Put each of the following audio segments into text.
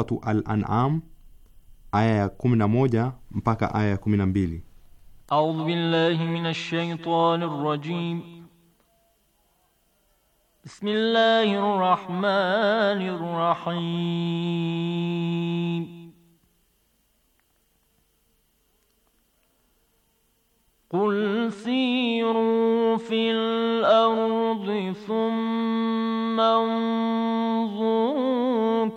Suratu Al-An'am aya ya kumi 11 mpaka aya ya 12. A'udhu billahi minash shaitanir rajim. Bismillahir rahmanir rahim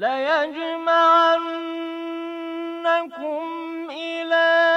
ليجمعنكم إلى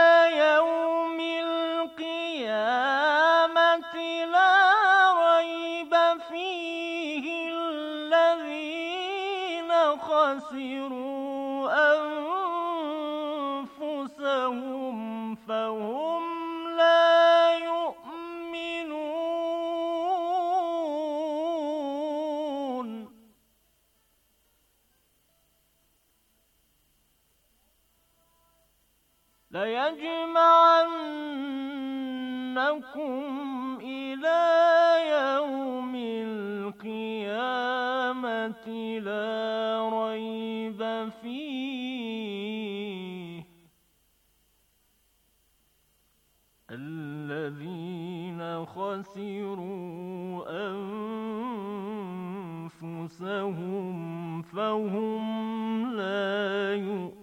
ربكم إلى يوم القيامة لا ريب فيه الذين خسروا أنفسهم فهم لا يؤمنون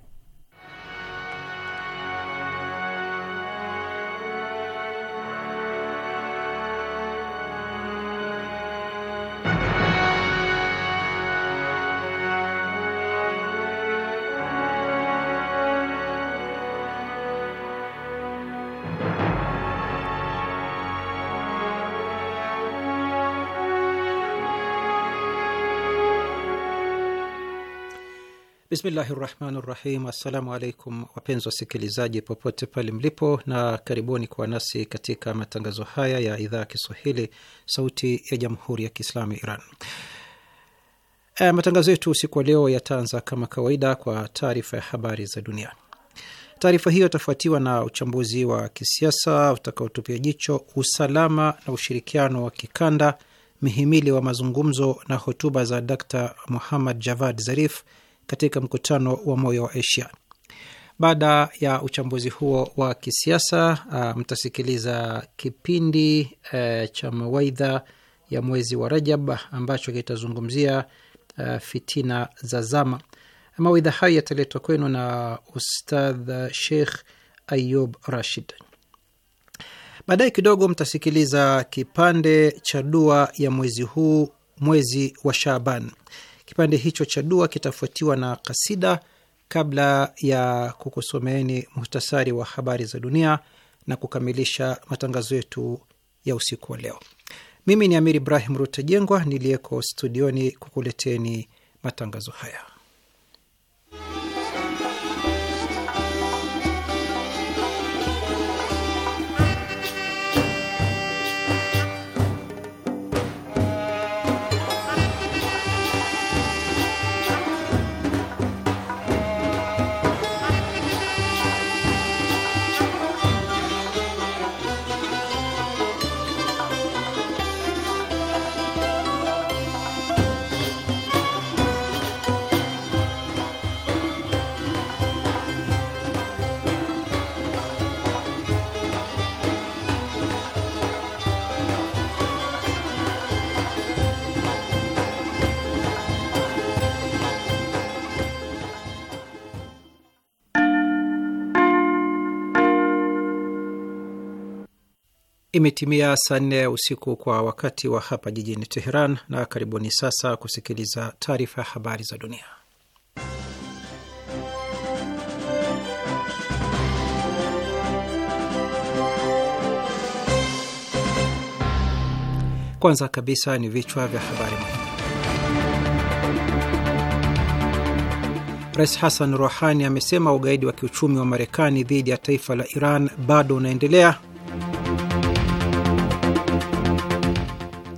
Bismillahi rahmani rahim. Assalamu alaikum wapenzi wasikilizaji popote pale mlipo, na karibuni kuwa nasi katika matangazo haya ya idhaa ya Kiswahili sauti ya jamhuri ya kiislamu Iran. E, matangazo yetu usiku wa leo yataanza kama kawaida kwa taarifa ya habari za dunia. Taarifa hiyo itafuatiwa na uchambuzi wa kisiasa utakaotupia jicho usalama na ushirikiano wa kikanda, mihimili wa mazungumzo na hotuba za Dr Muhammad Javad Zarif katika mkutano wa moyo wa Asia. Baada ya uchambuzi huo wa kisiasa uh, mtasikiliza kipindi uh, cha mawaidha ya mwezi wa Rajab ambacho kitazungumzia uh, fitina za zama. Mawaidha hayo yataletwa kwenu na Ustadh Sheikh Ayub Rashid. Baadaye kidogo mtasikiliza kipande cha dua ya mwezi huu, mwezi wa Shaaban. Kipande hicho cha dua kitafuatiwa na kasida kabla ya kukusomeeni muhtasari wa habari za dunia na kukamilisha matangazo yetu ya usiku wa leo. Mimi ni Amir Ibrahim Rutajengwa niliyeko studioni kukuleteni matangazo haya. Imetimia saa nne ya usiku kwa wakati wa hapa jijini Teheran, na karibuni sasa kusikiliza taarifa ya habari za dunia. Kwanza kabisa ni vichwa vya habari muhimu. Rais Hassan Rouhani amesema ugaidi wa kiuchumi wa Marekani dhidi ya taifa la Iran bado unaendelea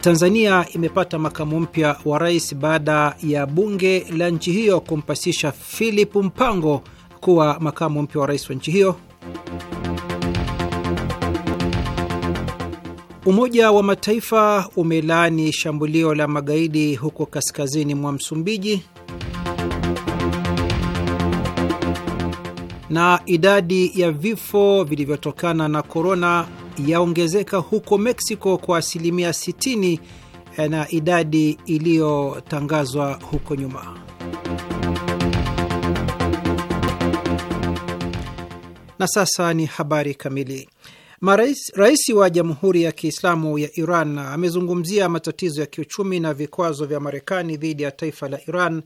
Tanzania imepata makamu mpya wa rais baada ya bunge la nchi hiyo kumpasisha Philip Mpango kuwa makamu mpya wa rais wa nchi hiyo. Umoja wa Mataifa umelaani shambulio la magaidi huko kaskazini mwa Msumbiji. Na idadi ya vifo vilivyotokana na korona yaongezeka huko Mexico kwa asilimia 60 eh, na idadi iliyotangazwa huko nyuma. Na sasa ni habari kamili. Marais, rais wa Jamhuri ya Kiislamu ya Iran amezungumzia matatizo ya kiuchumi na vikwazo vya Marekani dhidi ya taifa la Iran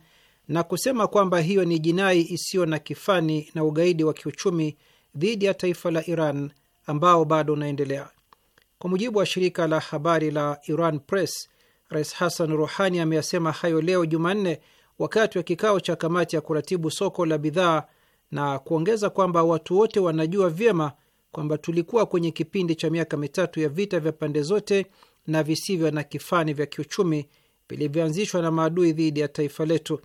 na kusema kwamba hiyo ni jinai isiyo na kifani na ugaidi wa kiuchumi dhidi ya taifa la Iran ambao bado unaendelea. Kwa mujibu wa shirika la habari la Iran Press, Rais Hassan Ruhani ameyasema hayo leo Jumanne wakati wa kikao cha kamati ya kuratibu soko la bidhaa na kuongeza kwamba watu wote wanajua vyema kwamba tulikuwa kwenye kipindi cha miaka mitatu ya vita vya pande zote na visivyo na kifani vya kiuchumi vilivyoanzishwa na maadui dhidi ya taifa letu,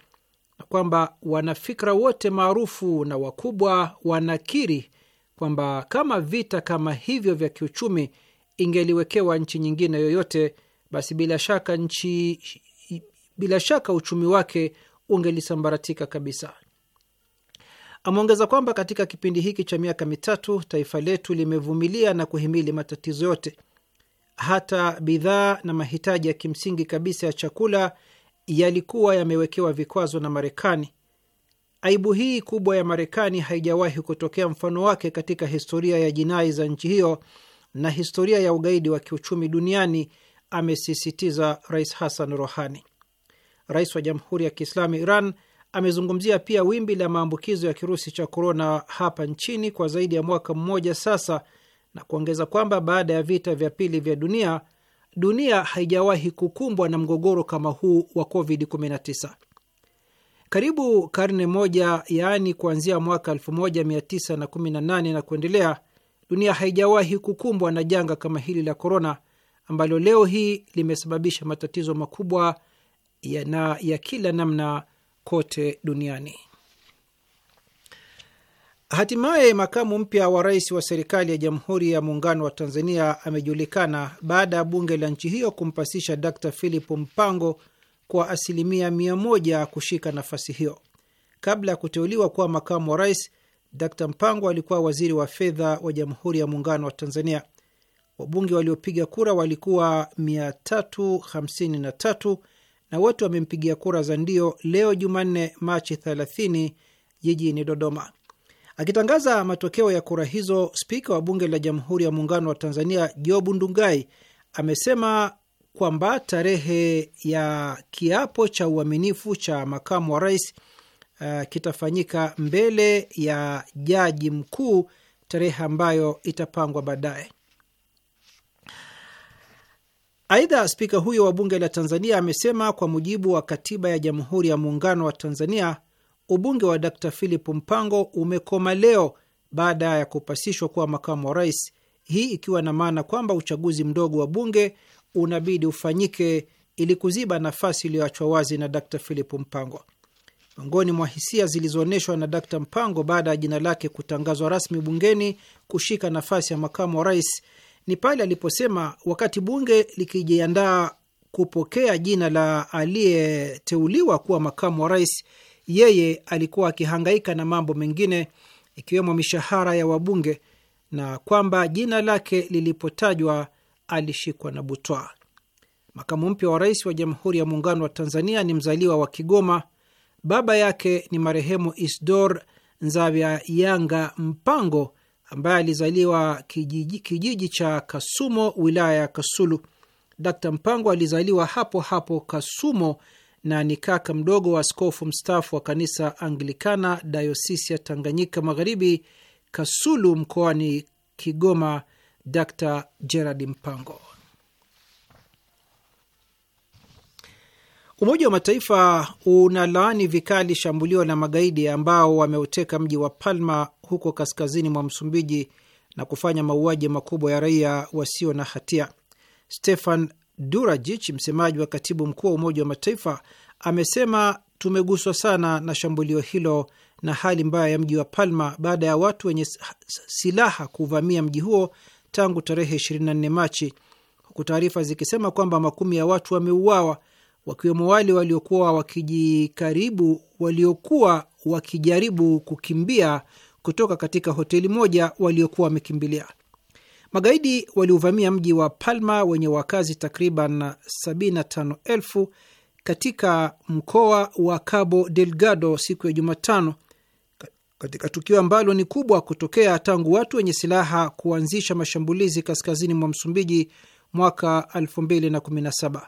na kwamba wanafikra wote maarufu na wakubwa wanakiri kwamba kama vita kama hivyo vya kiuchumi ingeliwekewa nchi nyingine yoyote, basi bila shaka nchi bila shaka uchumi wake ungelisambaratika kabisa. Ameongeza kwamba katika kipindi hiki cha miaka mitatu taifa letu limevumilia na kuhimili matatizo yote, hata bidhaa na mahitaji ya kimsingi kabisa ya chakula yalikuwa yamewekewa vikwazo na Marekani Aibu hii kubwa ya Marekani haijawahi kutokea mfano wake katika historia ya jinai za nchi hiyo na historia ya ugaidi wa kiuchumi duniani, amesisitiza Rais Hassan Rohani. Rais wa Jamhuri ya Kiislamu Iran amezungumzia pia wimbi la maambukizo ya kirusi cha korona hapa nchini kwa zaidi ya mwaka mmoja sasa, na kuongeza kwamba baada ya vita vya pili vya dunia dunia haijawahi kukumbwa na mgogoro kama huu wa COVID-19. Karibu karne moja, yaani kuanzia mwaka 1918 na kuendelea, dunia haijawahi kukumbwa na janga kama hili la korona ambalo leo hii limesababisha matatizo makubwa ya na ya kila namna kote duniani. Hatimaye makamu mpya wa rais wa serikali ya Jamhuri ya Muungano wa Tanzania amejulikana baada ya bunge la nchi hiyo kumpasisha d Philip Mpango kwa asilimia mia moja kushika nafasi hiyo. Kabla ya kuteuliwa kuwa makamu wa rais, Dr Mpango alikuwa waziri wa fedha wa Jamhuri ya Muungano wa Tanzania. Wabunge waliopiga kura walikuwa 353 na wote wamempigia kura za ndio leo Jumanne, Machi 30 jijini Dodoma. Akitangaza matokeo ya kura hizo, spika wa bunge la Jamhuri ya Muungano wa Tanzania Jobu Ndugai amesema kwamba tarehe ya kiapo cha uaminifu cha makamu wa rais uh, kitafanyika mbele ya jaji mkuu, tarehe ambayo itapangwa baadaye. Aidha, spika huyo wa bunge la Tanzania amesema kwa mujibu wa katiba ya Jamhuri ya Muungano wa Tanzania, ubunge wa Dkt. Philip Mpango umekoma leo baada ya kupasishwa kuwa makamu wa rais, hii ikiwa na maana kwamba uchaguzi mdogo wa bunge unabidi ufanyike ili kuziba nafasi iliyoachwa wazi na Dr Philip Mpango. Miongoni mwa hisia zilizoonyeshwa na Dr Mpango baada ya jina lake kutangazwa rasmi bungeni kushika nafasi ya makamu wa rais ni pale aliposema, wakati bunge likijiandaa kupokea jina la aliyeteuliwa kuwa makamu wa rais, yeye alikuwa akihangaika na mambo mengine ikiwemo mishahara ya wabunge, na kwamba jina lake lilipotajwa alishikwa na butwa Makamu mpya wa rais wa Jamhuri ya Muungano wa Tanzania ni mzaliwa wa Kigoma. Baba yake ni marehemu Isdor Nzavyayanga Mpango ambaye alizaliwa kijiji, kijiji cha Kasumo wilaya ya Kasulu. Dkt Mpango alizaliwa hapo hapo Kasumo na ni kaka mdogo wa askofu mstaafu wa kanisa Anglikana dayosisi ya Tanganyika Magharibi, Kasulu mkoani Kigoma Dr Gerard Mpango. Umoja wa Mataifa unalaani vikali shambulio la magaidi ambao wameuteka mji wa Palma huko kaskazini mwa Msumbiji na kufanya mauaji makubwa ya raia wasio na hatia. Stefan Durajich, msemaji wa katibu mkuu wa Umoja wa Mataifa, amesema tumeguswa sana na shambulio hilo na hali mbaya ya mji wa Palma baada ya watu wenye silaha kuvamia mji huo tangu tarehe 24 Machi, huku taarifa zikisema kwamba makumi ya watu wameuawa wakiwemo wale waliokuwa wakijikaribu waliokuwa wakijaribu kukimbia kutoka katika hoteli moja waliokuwa wamekimbilia. Magaidi waliuvamia mji wa Palma wenye wakazi takriban 75,000 katika mkoa wa Cabo Delgado siku ya Jumatano katika tukio ambalo ni kubwa kutokea tangu watu wenye silaha kuanzisha mashambulizi kaskazini mwa Msumbiji mwaka 2017.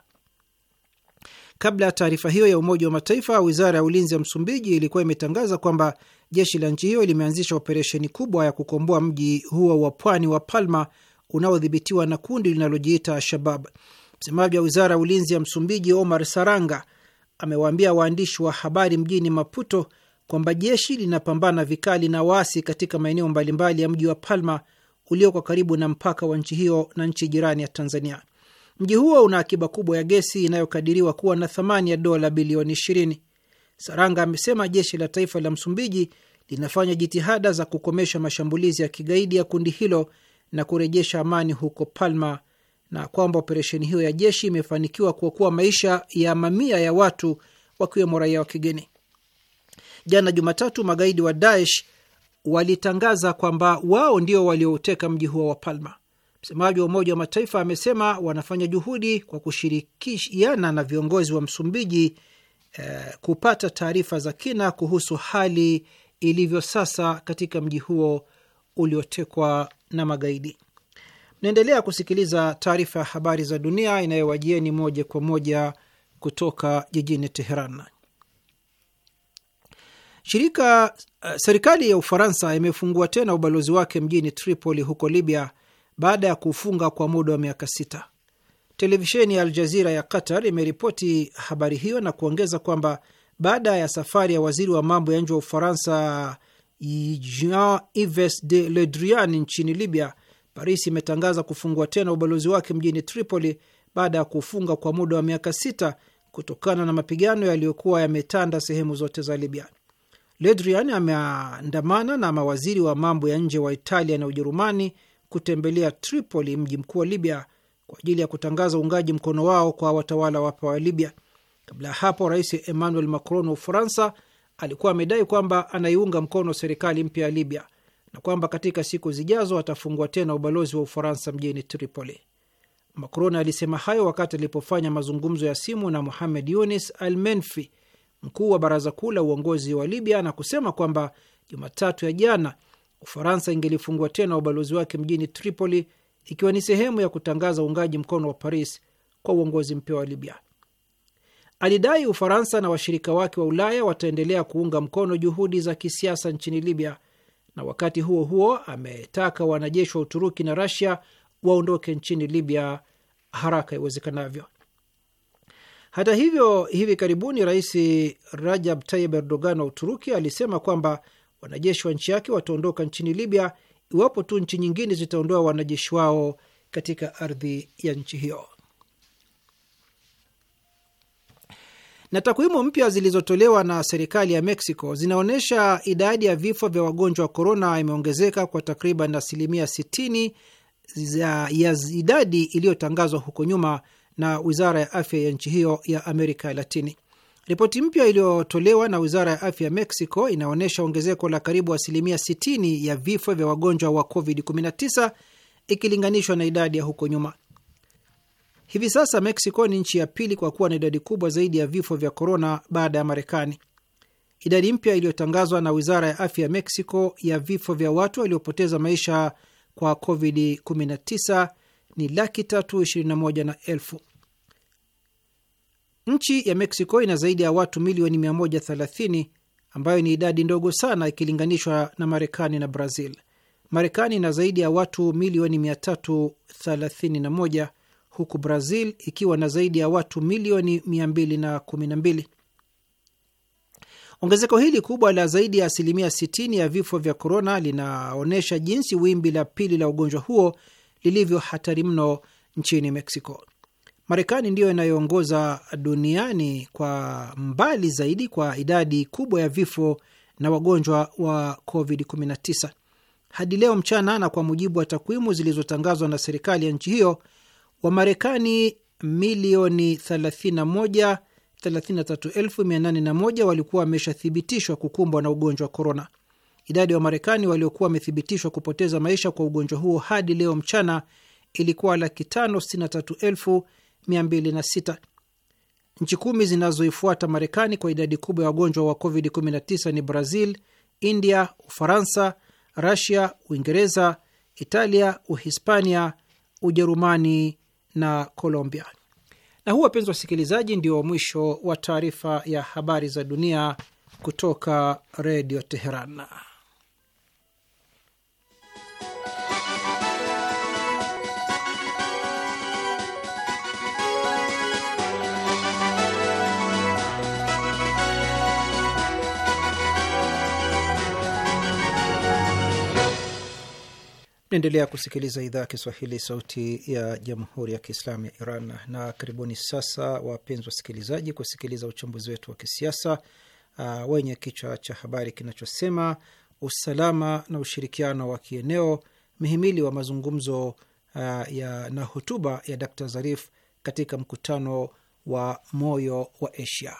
Kabla ya taarifa hiyo ya Umoja wa Mataifa, wizara ya ulinzi ya Msumbiji ilikuwa imetangaza kwamba jeshi la nchi hiyo limeanzisha operesheni kubwa ya kukomboa mji huo wa pwani wa Palma unaodhibitiwa na kundi linalojiita shabab Msemaji wa wizara ya ulinzi ya Msumbiji, Omar Saranga, amewaambia waandishi wa habari mjini Maputo kwamba jeshi linapambana vikali na waasi katika maeneo mbalimbali ya mji wa Palma ulioko karibu na mpaka wa nchi hiyo na nchi jirani ya Tanzania. Mji huo una akiba kubwa ya gesi inayokadiriwa kuwa na thamani ya dola bilioni 20. Saranga amesema jeshi la taifa la Msumbiji linafanya jitihada za kukomesha mashambulizi ya kigaidi ya kundi hilo na kurejesha amani huko Palma na kwamba operesheni hiyo ya jeshi imefanikiwa kuokoa maisha ya mamia ya watu wakiwemo raia wa kigeni. Jana Jumatatu, magaidi wa Daesh walitangaza kwamba wao ndio waliouteka mji huo wa Palma. Msemaji wa Umoja wa Mataifa amesema wanafanya juhudi kwa kushirikiana na viongozi wa Msumbiji eh, kupata taarifa za kina kuhusu hali ilivyo sasa katika mji huo uliotekwa na magaidi. Naendelea kusikiliza taarifa ya habari za dunia inayowajieni moja kwa moja kutoka jijini Teheran. Shirika uh, serikali ya Ufaransa imefungua tena ubalozi wake mjini Tripoli huko Libya baada ya kufunga kwa muda wa miaka sita. Televisheni ya Aljazira ya Qatar imeripoti habari hiyo na kuongeza kwamba baada ya safari ya waziri wa mambo ya nje wa Ufaransa Jean-Yves de Le Drian nchini Libya, Paris imetangaza kufungua tena ubalozi wake mjini Tripoli baada ya kufunga kwa muda wa miaka sita kutokana na mapigano yaliyokuwa yametanda sehemu zote za Libya. Ledrian ameandamana na mawaziri wa mambo ya nje wa Italia na Ujerumani kutembelea Tripoli, mji mkuu wa Libya, kwa ajili ya kutangaza uungaji mkono wao kwa watawala wapya wa Libya. Kabla ya hapo, Rais Emmanuel Macron wa Ufaransa alikuwa amedai kwamba anaiunga mkono serikali mpya ya Libya na kwamba katika siku zijazo atafungua tena ubalozi wa Ufaransa mjini Tripoli. Macron alisema hayo wakati alipofanya mazungumzo ya simu na Muhamed Yunis Almenfi, mkuu wa baraza kuu la uongozi wa Libya na kusema kwamba Jumatatu ya jana Ufaransa ingelifungua tena ubalozi wake mjini Tripoli ikiwa ni sehemu ya kutangaza uungaji mkono wa Paris kwa uongozi mpya wa Libya. Alidai Ufaransa na washirika wake wa Ulaya wataendelea kuunga mkono juhudi za kisiasa nchini Libya, na wakati huo huo ametaka wanajeshi wa Uturuki na Rasia waondoke nchini Libya haraka iwezekanavyo. Hata hivyo, hivi karibuni Rais Rajab Tayyip Erdogan wa Uturuki alisema kwamba wanajeshi wa nchi yake wataondoka nchini Libya iwapo tu nchi nyingine zitaondoa wanajeshi wao katika ardhi ya nchi hiyo. Na takwimu mpya zilizotolewa na serikali ya Mexico zinaonyesha idadi ya vifo vya wagonjwa wa korona imeongezeka kwa takriban asilimia 60 ya idadi iliyotangazwa huko nyuma na wizara ya afya ya nchi hiyo ya Amerika ya Latini. Ripoti mpya iliyotolewa na wizara ya afya ya Mexico inaonyesha ongezeko la karibu asilimia 60 ya vifo vya wagonjwa wa COVID-19 ikilinganishwa na idadi ya huko nyuma. Hivi sasa Mexico ni nchi ya pili kwa kuwa na idadi kubwa zaidi ya vifo vya korona baada ya Marekani. Idadi mpya iliyotangazwa na wizara ya afya ya Mexico ya vifo vya watu waliopoteza maisha kwa COVID-19 ni laki tatu ishirini na moja na elfu. Nchi ya Mexico ina zaidi ya watu milioni 130 ambayo ni idadi ndogo sana ikilinganishwa na Marekani na Brazil. Marekani ina zaidi ya watu milioni 331 huku Brazil ikiwa na zaidi ya watu milioni 212. Ongezeko hili kubwa la zaidi ya asilimia 60 ya vifo vya korona linaonyesha jinsi wimbi la pili la ugonjwa huo lilivyo hatari mno nchini Mexico. Marekani ndiyo inayoongoza duniani kwa mbali zaidi kwa idadi kubwa ya vifo na wagonjwa wa COVID-19 hadi leo mchana, na kwa mujibu wa takwimu zilizotangazwa na serikali ya nchi hiyo, Wamarekani milioni 31 33,801 walikuwa wameshathibitishwa kukumbwa na ugonjwa wa korona. Idadi ya Wamarekani waliokuwa wamethibitishwa kupoteza maisha kwa ugonjwa huo hadi leo mchana ilikuwa laki 5, 206. Nchi kumi zinazoifuata Marekani kwa idadi kubwa ya wagonjwa wa COVID-19 ni Brazil, India, Ufaransa, Rusia, Uingereza, Italia, Uhispania, Ujerumani na Colombia. Na huu, wapenzi wasikilizaji, ndio mwisho wa taarifa ya habari za dunia kutoka Redio Teheran. Naendelea kusikiliza idhaa ya Kiswahili, sauti ya jamhuri ya kiislamu ya Iran. Na karibuni sasa, wapenzi wasikilizaji, kusikiliza uchambuzi wetu wa kisiasa uh, wenye kichwa cha habari kinachosema usalama na ushirikiano wa kieneo, mhimili wa mazungumzo uh, ya, na hotuba ya Dr Zarif katika mkutano wa moyo wa Asia.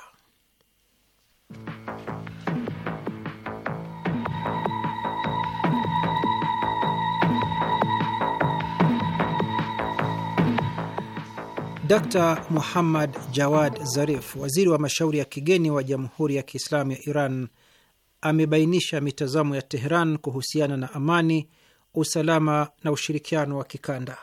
Dr Muhammad Jawad Zarif, waziri wa mashauri ya kigeni wa Jamhuri ya Kiislamu ya Iran, amebainisha mitazamo ya Teheran kuhusiana na amani, usalama na ushirikiano wa kikanda.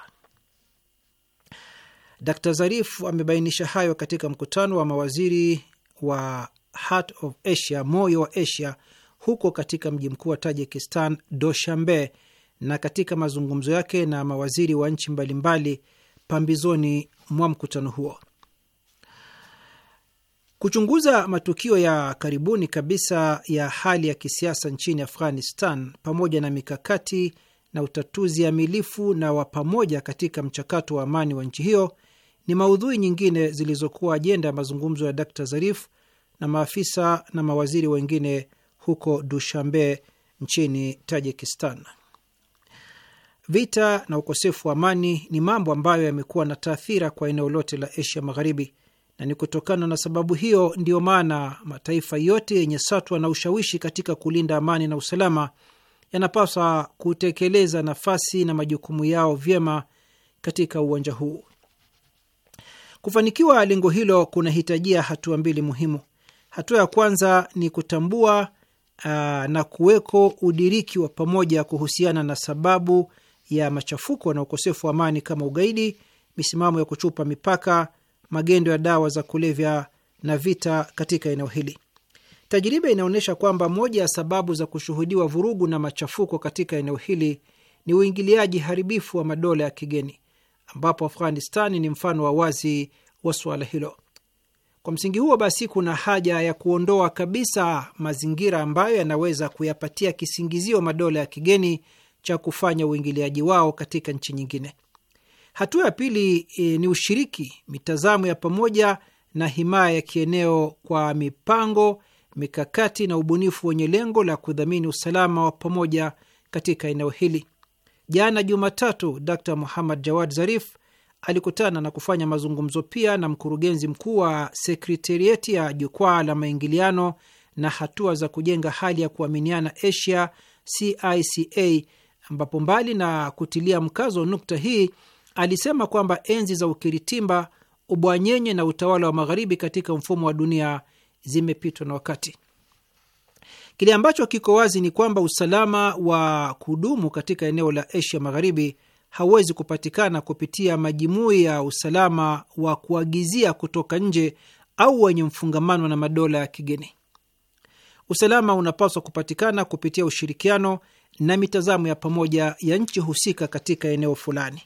Dr Zarif amebainisha hayo katika mkutano wa mawaziri wa Heart of Asia, moyo wa Asia, huko katika mji mkuu wa Tajikistan, Doshambe, na katika mazungumzo yake na mawaziri wa nchi mbalimbali pambizoni mwa mkutano huo. Kuchunguza matukio ya karibuni kabisa ya hali ya kisiasa nchini Afghanistan pamoja na mikakati na utatuzi amilifu na wa pamoja katika mchakato wa amani wa nchi hiyo ni maudhui nyingine zilizokuwa ajenda ya mazungumzo ya Dkt Zarif na maafisa na mawaziri wengine huko dushambe nchini Tajikistan. Vita na ukosefu wa amani ni mambo ambayo yamekuwa na taathira kwa eneo lote la Asia Magharibi, na ni kutokana na sababu hiyo ndiyo maana mataifa yote yenye satwa na ushawishi katika kulinda amani na usalama yanapaswa kutekeleza nafasi na majukumu yao vyema katika uwanja huu. Kufanikiwa lengo hilo kunahitajia hatua mbili muhimu. Hatua ya kwanza ni kutambua aa, na kuweko udiriki wa pamoja kuhusiana na sababu ya machafuko na ukosefu wa amani kama ugaidi, misimamo ya kuchupa mipaka, magendo ya dawa za kulevya na vita katika eneo hili. Tajriba inaonyesha kwamba moja ya sababu za kushuhudiwa vurugu na machafuko katika eneo hili ni uingiliaji haribifu wa madola ya kigeni, ambapo Afghanistani ni mfano wa wazi wa suala hilo. Kwa msingi huo basi, kuna haja ya kuondoa kabisa mazingira ambayo yanaweza kuyapatia kisingizio madola ya kigeni cha kufanya uingiliaji wao katika nchi nyingine. Hatua ya pili e, ni ushiriki, mitazamo ya pamoja na himaya ya kieneo kwa mipango, mikakati na ubunifu wenye lengo la kudhamini usalama wa pamoja katika eneo hili. Jana Jumatatu, Dr Muhammad Jawad Zarif alikutana na kufanya mazungumzo pia na mkurugenzi mkuu wa sekretarieti ya jukwaa la maingiliano na hatua za kujenga hali ya kuaminiana Asia, CICA, ambapo mbali na kutilia mkazo nukta hii alisema kwamba enzi za ukiritimba, ubwanyenye na utawala wa magharibi katika mfumo wa dunia zimepitwa na wakati. Kile ambacho kiko wazi ni kwamba usalama wa kudumu katika eneo la Asia Magharibi hauwezi kupatikana kupitia majimui ya usalama wa kuagizia kutoka nje au wenye mfungamano na madola ya kigeni. Usalama unapaswa kupatikana kupitia ushirikiano na mitazamo ya pamoja ya nchi husika katika eneo fulani.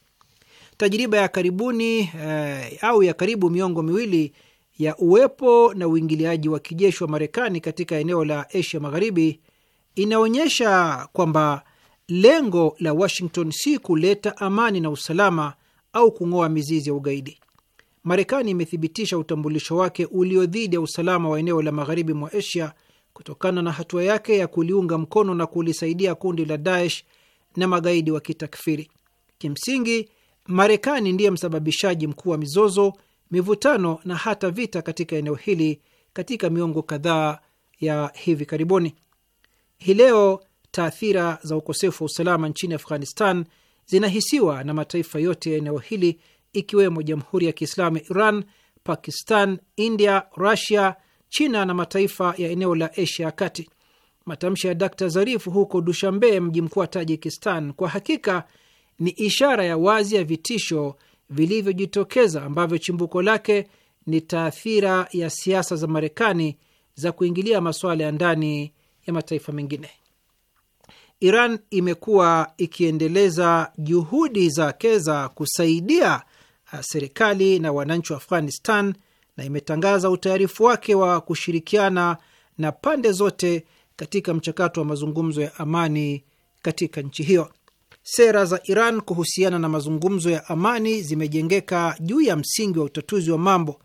Tajiriba ya karibuni eh, au ya karibu miongo miwili ya uwepo na uingiliaji wa kijeshi wa Marekani katika eneo la Asia Magharibi inaonyesha kwamba lengo la Washington si kuleta amani na usalama au kung'oa mizizi ya ugaidi. Marekani imethibitisha utambulisho wake ulio dhidi ya usalama wa eneo la magharibi mwa Asia kutokana na hatua yake ya kuliunga mkono na kulisaidia kundi la Daesh na magaidi wa kitakfiri. Kimsingi, Marekani ndiye msababishaji mkuu wa mizozo, mivutano na hata vita katika eneo hili katika miongo kadhaa ya hivi karibuni. Hii leo taathira za ukosefu wa usalama nchini Afghanistan zinahisiwa na mataifa yote ya eneo hili ikiwemo Jamhuri ya Kiislamu ya Iran, Pakistan, India, Rusia, China na mataifa ya eneo la Asia ya Kati. Matamshi ya Dr Zarif huko Dushambe, mji mkuu wa Tajikistan, kwa hakika ni ishara ya wazi ya vitisho vilivyojitokeza ambavyo chimbuko lake ni taathira ya siasa za Marekani za kuingilia masuala ya ndani ya mataifa mengine. Iran imekuwa ikiendeleza juhudi zake za kusaidia uh, serikali na wananchi wa Afghanistan na imetangaza utayarifu wake wa kushirikiana na pande zote katika mchakato wa mazungumzo ya amani katika nchi hiyo. Sera za Iran kuhusiana na mazungumzo ya amani zimejengeka juu ya msingi wa utatuzi wa mambo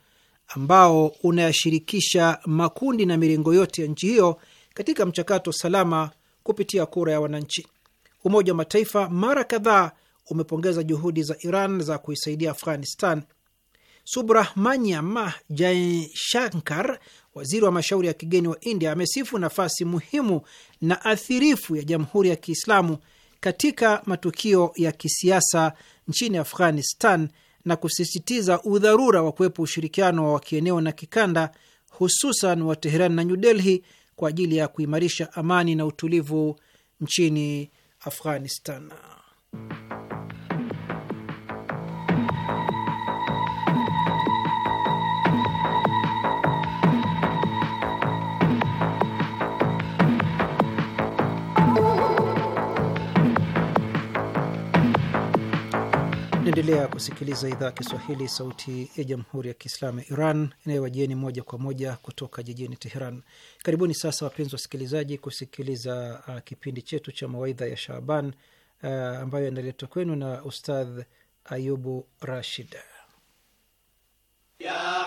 ambao unayashirikisha makundi na mirengo yote ya nchi hiyo katika mchakato salama kupitia kura ya wananchi. Umoja wa Mataifa mara kadhaa umepongeza juhudi za Iran za kuisaidia Afghanistan. Subrahmanyam Jaishankar, waziri wa mashauri ya kigeni wa India, amesifu nafasi muhimu na athirifu ya Jamhuri ya Kiislamu katika matukio ya kisiasa nchini Afghanistan na kusisitiza udharura wa kuwepo ushirikiano wa kieneo na kikanda, hususan wa Teheran na New Delhi kwa ajili ya kuimarisha amani na utulivu nchini Afghanistan. Naendelea kusikiliza idhaa ya Kiswahili, sauti ya jamhuri ya kiislamu ya Iran inayowajieni moja kwa moja kutoka jijini Teheran. Karibuni sasa, wapenzi wasikilizaji, kusikiliza uh, kipindi chetu cha mawaidha ya Shaaban uh, ambayo yanaletwa kwenu na Ustadh Ayubu Rashid ya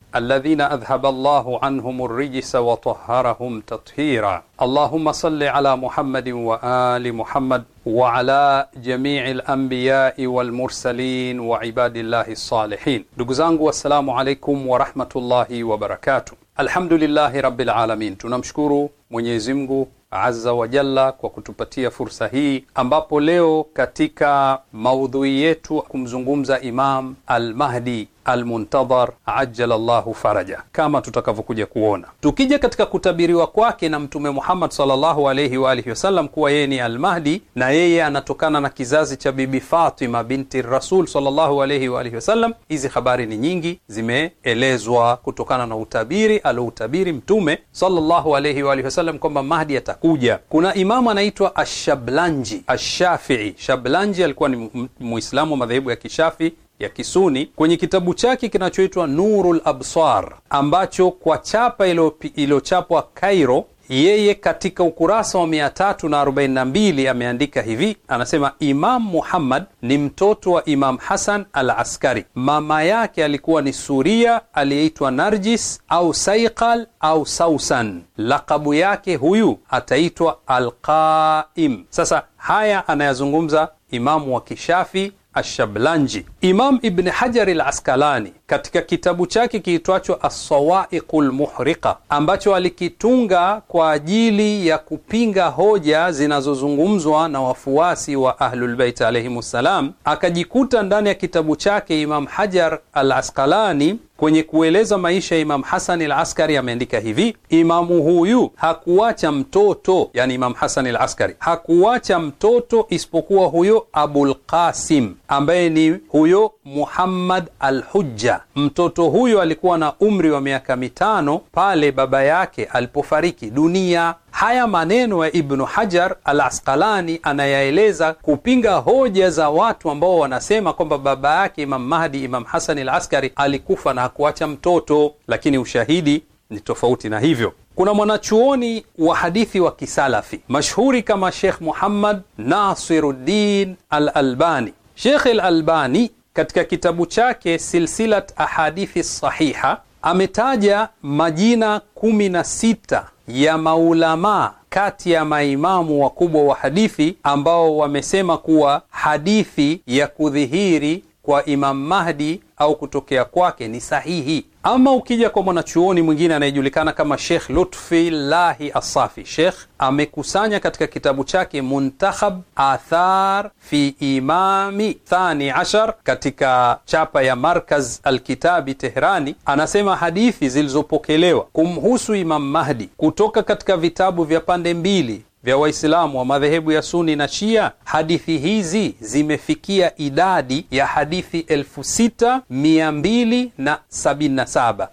الذين أذهب الله عنهم الرجس وطهرهم تطهيرا اللهم صل على محمد وآل محمد وعلى جميع الأنبياء والمرسلين وعباد الله الصالحين دقزانgu والسلام عليكم ورحمة الله وبركاته الحمد لله رب العالمين tunamshukuru Mwenyezi Mungu Azza wa Jalla kwa kutupatia fursa hii ambapo leo katika maudhui yetu kumzungumza Imam Al-Mahdi almuntadhar ajala llahu faraja, kama tutakavyokuja kuona. Tukija katika kutabiriwa kwake na Mtume Muhammad sallallahu wa alihi wasallam kuwa yeye ni Almahdi, na yeye anatokana na kizazi cha Bibi Fatima binti Rasul sallallahu wa alihi wasallam. Hizi habari ni nyingi, zimeelezwa kutokana na utabiri aloutabiri Mtume sallallahu wa alihi wasallam kwamba Mahdi atakuja. Kuna imamu anaitwa Ashablanji Ashafii. Shablanji alikuwa ni Muislamu wa madhehebu ya Kishafi ya Kisuni kwenye kitabu chake kinachoitwa Nurul Absar ambacho kwa chapa iliyochapwa Kairo yeye katika ukurasa wa 342 ameandika hivi, anasema Imam Muhammad ni mtoto wa Imam Hasan al Askari. Mama yake alikuwa ni suria aliyeitwa Narjis au Saiqal au Sausan. Lakabu yake huyu ataitwa Alqaim. Sasa haya anayazungumza imamu wa Kishafi الشبلانجي إمام ابن حجر العسقلاني katika kitabu chake kiitwacho Assawaiqu Lmuhriqa ambacho alikitunga kwa ajili ya kupinga hoja zinazozungumzwa na wafuasi wa Ahlulbeit alaihim ssalam, akajikuta ndani ya kitabu chake Imam Hajar al Asqalani kwenye kueleza maisha ya Imam hasani al Askari ameandika hivi: imamu huyu hakuwacha mtoto, yani Imam Hasani al Askari hakuwacha mtoto isipokuwa huyo Abulqasim ambaye ni huyo Muhammad al Hujja Mtoto huyo alikuwa na umri wa miaka mitano pale baba yake alipofariki dunia. Haya maneno ya Ibnu Hajar al Asqalani anayaeleza kupinga hoja za watu ambao wanasema kwamba baba yake Imam Mahdi, Imam Hasan al Askari, alikufa na hakuacha mtoto, lakini ushahidi ni tofauti na hivyo. Kuna mwanachuoni wa hadithi wa kisalafi mashhuri kama Shekh Muhammad Nasiruddin al Albani. Shekh al Albani katika kitabu chake Silsilat Ahadithi Sahiha ametaja majina kumi na sita ya maulamaa kati ya maimamu wakubwa wa hadithi ambao wamesema kuwa hadithi ya kudhihiri kwa Imam Mahdi au kutokea kwake ni sahihi. Ama ukija kwa mwanachuoni mwingine anayejulikana kama Sheikh Lutfi Lahi asafi Sheikh amekusanya katika kitabu chake Muntakhab Athar fi Imami Thani Ashar katika chapa ya Markaz Alkitabi Tehrani, anasema hadithi zilizopokelewa kumhusu Imam Mahdi kutoka katika vitabu vya pande mbili vya Waislamu wa madhehebu ya Suni na Shia, hadithi hizi zimefikia idadi ya hadithi 6277